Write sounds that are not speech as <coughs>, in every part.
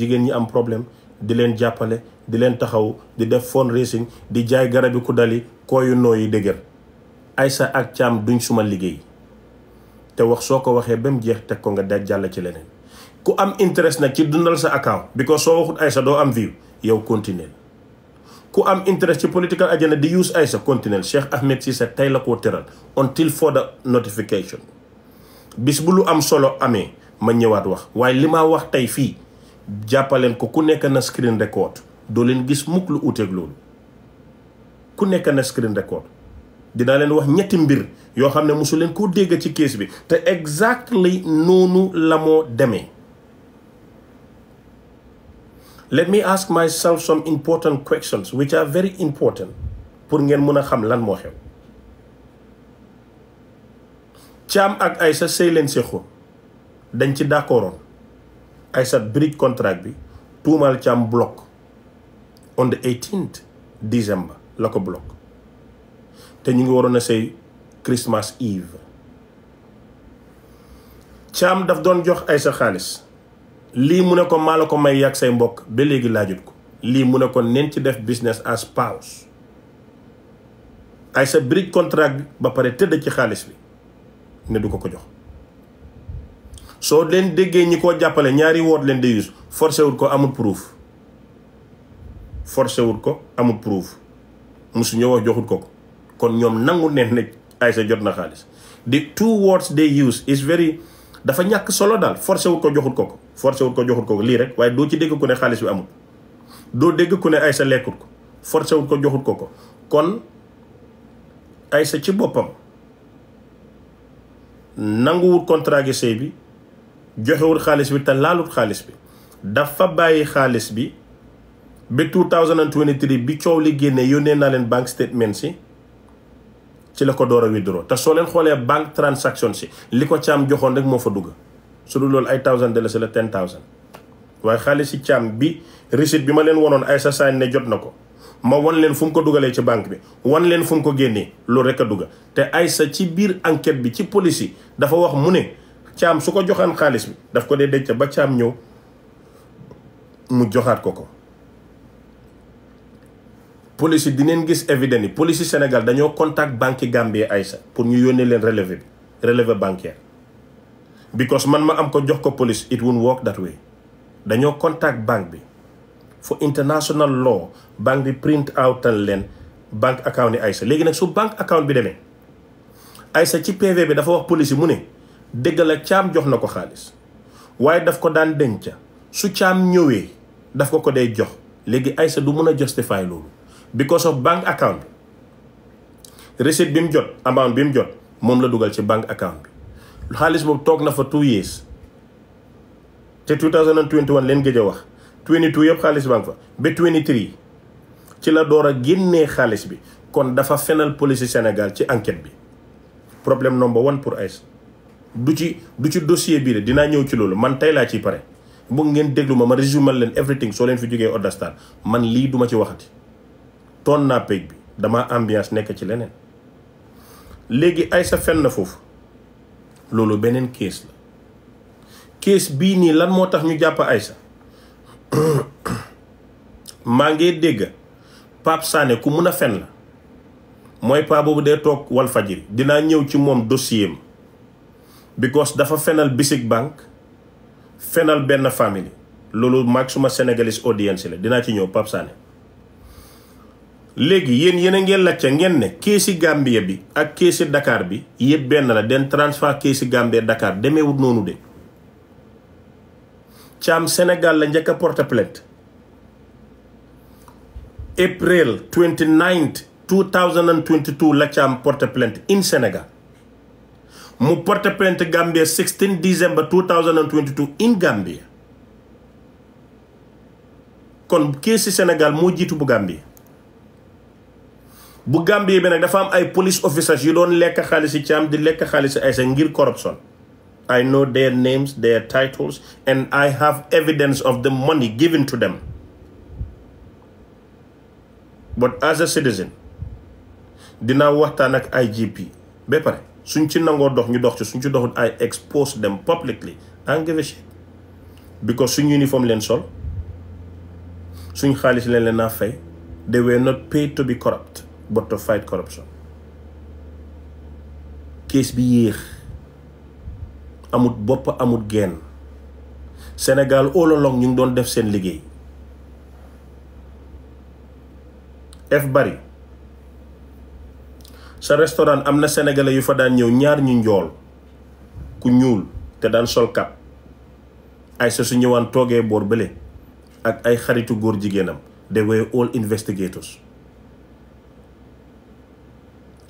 jigéen ñi am problème di leen jàppale di leen taxaw di def fundraising di jaay garabi ku dali kooyu nooyi dëgër Aïssa ak Thiam duñ suma liggéey te wax soo ko waxee ba mu jeex teg ko nga daj jàll ci leneen ku am interest na ci dundal sa account because soo waxut Aïssa doo am view yow continuer ku am interest ci political agenda di use Aïssa continuer Cheikh Ahmed Cissé tey la koo tëral until further notification bis bu lu am solo amee ma ñëwaat wax waaye li ma wax tey fii jàppaleen ko ku nekk na screen record doo leen gis mukk lu uuteeg loolu ku nekk na screen record dinaa leen wax ñetti mbir yoo xam ne mosu leen koo dégg ci kees bi te exactly noonu la moo demee let me ask myself some important questions which are very important pour ngeen mën a xam lan moo xew Caam ak Aysa sëy leen séqoon dañ ci d'accordoon said brique contract bi ci am block on the 18th December la ko block te ñu ngi warona sey say Christmas Eve cham daf don jox sa xaliss li mu ne ko maa ko may yak say mbokk ba léegi ko li mu ne ko nen ci def business as spouse sa brique contract bi ba pare tedd ci xaliss bi ne du ko ko jox soo leen déggee ñi koo jàppale ñaari woot leen di use forcé wut ko amul proof forcé wut ko amul proof musu ñoo wax joxut ko ko kon ñoom nangu neen ne Aysa jot na xaalis di two words they use is very dafa ñàkk solo daal forcé wut ko joxut ko ko forcé wut ko joxut ko lii rek waaye doo ci dégg ku ne xaalis bi amul doo dégg ku ne Aysa lekkut ko forcé ko joxut ko ko kon Aysa ci boppam nanguwut contrat gi bi joxewul xaalis bi te laalut xaalis bi dafa bàyyi xaalis bi ba 2023 bi coow li génnee yónnee naa leen bank statement si ci la ko door a withdraw te soo leen xoolee bank transaction si li ko caam joxoon rek moo fa dugg su dul loolu ay thousand de la si la ten thousand waaye xaalis si caam bi receipt bi ma leen wonoon ay sa saan ne jot na ko ma wan leen fu mu ko dugalee ci banque bi wan leen fu mu ko génnee loolu rek a dugg te ay sa ci biir enquête bi ci police dafa wax mu ne caam su ko joxaan xaalis bi daf ko dee denc ba caam ñëw mu joxaat ko ko police yi dineen gis évident yi police yi dañoo contact banque Gambie Aïssa pour ñu yónnee leen relevé bi relevé bancaire because man ma am ko jox ko police it won't work that way dañoo contact banque bi for international law banque bi print outal leen banque account yi Aïssa léegi nag su banque account bi demee Aïssa ci PV bi dafa wax police yi mu ne dëgg la caam jox na ko xaalis waaye daf ko daan denc su caam ñëwee daf ko ko day jox léegi Aïssa du mën a justify loolu because of bank account bi receipt bi mu jot amount bi mu jot moom la dugal ci banque account bi xaalis boobu toog na fa two years te 2021 leen gëj a wax 22 yëpp xaalis baa ngi fa ba 23 ci la door a génnee xaalis bi kon dafa fenal police senegal ci enquête bi problème number one pour Aïssa du ci du ci dossier bii de dinaa ñëw ci loolu man tey laa ciy pare bëgg ngeen déglu ma ma résumé leen everything soo leen fi jógee Odastar man lii duma ci waxati toon naa page bi damaa ambiance nekk ci leneen léegi ay sa na foofu loolu beneen kees la kees bii nii lan moo tax ñu jàpp Aïssa <coughs> maa ngi dégg Pape sànne ku mun a fen la mooy paa boobu dee toog Walfadjri dinaa ñëw ci moom dossier am because dafa fenal Basic Bank fenal benn famille loolu maag suma sénégalais audience la dinaa ci ñëw Pape Sané léegi yéen yéen a la lacca ngeen ne keesi Gambie bi ak keesi Dakar bi yëpp benn la den transfert keesi Gambie Dakar demeewut noonu de caam Sénégal la njëkk a porte plainte April 29 2022 la caam porte plainte in senegal mu porte plainte Gambia 16 December 2022 in Gambia kon kii si Sénégal moo jiitu bu Gambia bu Gambia bi nag dafa am ay police officers yu doon lekk xaalis yi caam di ay sa ngir corruption I know their names their titles and I have evidence of the money given to them but as a citizen dinaa waxtaan ak IGP Be pare suñ ci nangoo dox ñu dox ci suñ ci doxul ay expose them publicly and give a shit because suñ uniforme leen sol suñ xaalis leen leen naa fay they were not paid to be corrupt but to fight corruption kees bi yéex amut bopp amut genn senegal all ñu ngi doon def seen liggéey f bari sa restaurant amna sénégalais yu fa daan ñew ñaar ñu njool ku ñuul te daan sol cap ay sa su ñëwaan toogee boor ak ay xaritu gor jigenam they were all investigators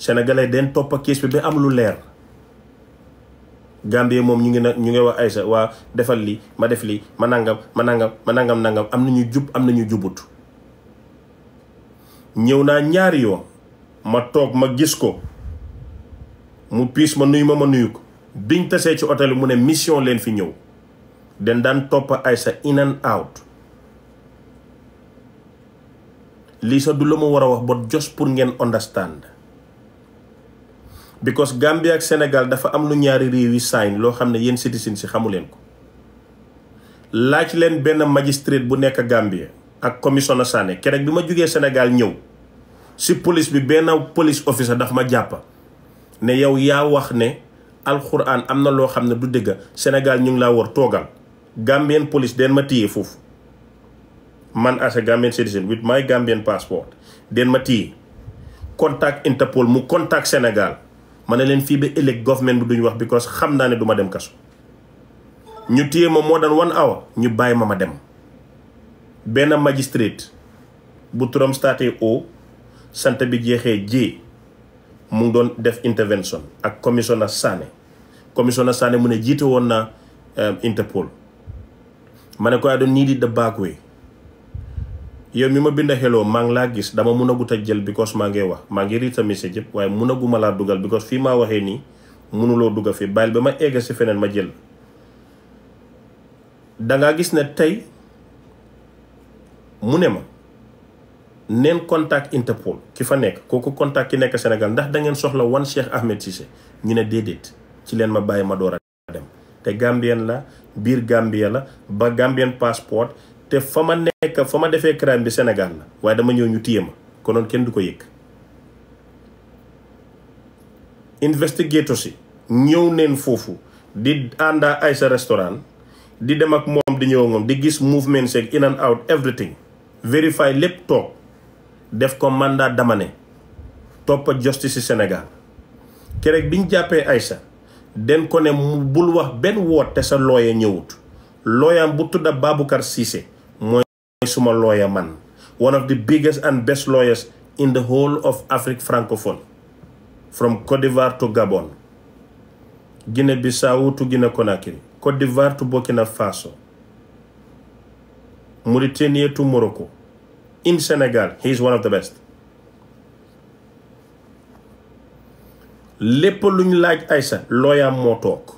sénégalais den topp kiis bi ba am lu leer Gambie mom ñu ngi na ñu ngi wa aïssa wa defal li ma def li ma nangam ma nangam ma nangam nangam am nañu jub am nañu jubut ñëw yoon ma tok ma gis ko mu pis ma nuy ma ma nuy ko biñ tassé ci hôtel mu né mission fi ñëw den dan top aïssa in and out li sa du luma wara wax bot just pour ngeen understand because Gambia ak senegal dafa am lu ñaari réew yi sign lo xamné yeen citizen si xamu ko laaj ben magistrate bu nek Gambia ak commissioner Sané kérek bima ma Senegal Sénégal ñëw si police bi benn police officer daf ma japp ne yow ya wax ne alquran amna lo xamne ne du deug senegal ñu ngi la wor togal Gambian police den ma tiyé man as a Gambian citizen with my Gambian passport den ma tiyé contact Interpol mu contact Senegal, ma ne leen fii government bu duñ wax because xam ne duma dem kaso ñu tiyé ma mo dan one hour ñu bàyyi ma dem ben magistrate bu turam o sant bi jeexee jee mu ngi doon def intervention ak commissionnaire Sané commissionnaire Sané mu ne jiite woon na euh, Interpol ma ne ko I don't need it yow mi ma bind xeloo maa ngi laa gis dama mun a gut a jël because maa ngi wax maa ngi read sa message yëpp waaye mun a guma laa dugal because fii maa waxee nii munuloo dugga fi bàyyil ba ma egg si feneen ma jël dangaa gis ne tey mu ne ma nen contact Interpol ki fa nek koku contact ki nek senegal ndax da ngeen soxla wan Cheikh Ahmed cisse ñu ne dedet ci len ma baye ma doora dem te Gambien la bir Gambia la ba Gambien passport te fama nek fama defé crime bi senegal la way dama ñew ñu tiyema investigator si ñew nen Fofu. di anda ay sa restaurant di dem ak moom di ñew ngom di gis movement sek in and out everything verify laptop. def ko mandat d'amener toppa justice Sénégal keroog bi jàppee Aïssa den ko bul wax benn woote sa looya ñëwut looyaam bu tudda Baboucar Cissé mooy suma looya man one of the biggest and best lawyers in the whole of Afrique francophone from Côte d'Ivoire to Gabon Guinée-Bissau to Guinée-Conakry Côte d'Ivoire to Burkina Faso Mauritania to Morocco in Sénégal he is one of the best lépp luñ laaj Aïssa looyaam moo toog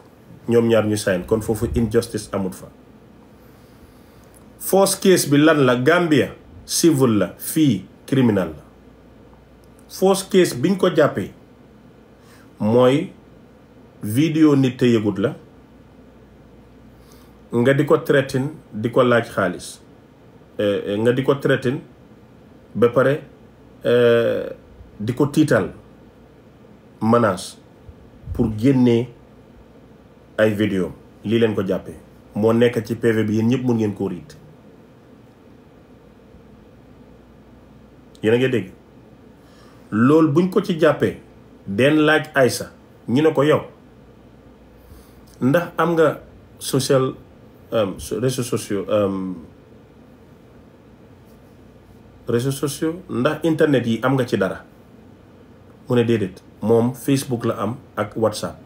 ñoom ñaar ñu sign kon foofu injustice amul fa force case bi lan la Gambia civil la fii criminal la force case biñ ko jàppee mooy vidéo nit te yëgut la nga di ko threaten di ko laaj xaalis eh, eh, nga di ko threaten ba pare eh, di ko tiital menace pour génnee ay vidéo lii leen ko jàppee moo nekk ci PV bi yéen ñëpp mun ngeen koo riit yéen a ngi dégg loolu buñ ko ci jàppee den laaj Aïssa ñu ne ko yow ndax am nga social euh, réseaux sociaux euh, réseaux sociaux ndax internet yi am nga ci dara mu ne déedéet moom Facebook la am ak WhatsApp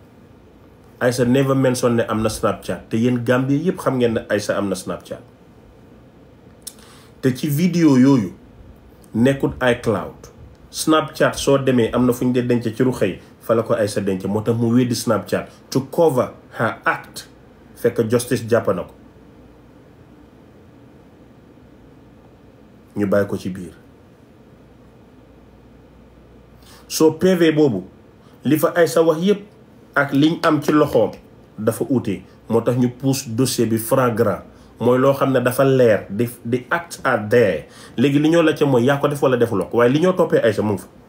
sa never mention ne am na Snapchat te yéen Gambie yépp xam ngeen ne sa am na Snapchat te ci vidéo yooyu nekkut nekkul iCloud Snapchat soo demee am na fu ñu dee denc ci ruxëy fa la ko ay sa denc moo tax mu weddi Snapchat to cover her act fekk justice jàpp na ko ñu bàyyi ko ci biir soo PV boobu li fa Aïssa wax yépp ak liñ am ci loxoom dafa uute moo tax ñu pousse dossier bi flagrant mooy loo xam ne dafa leer di di acte à léegi li ñoo la ca mooy yaa ko def wala defuloo ko waaye li ñoo toppee ay mu ngi fa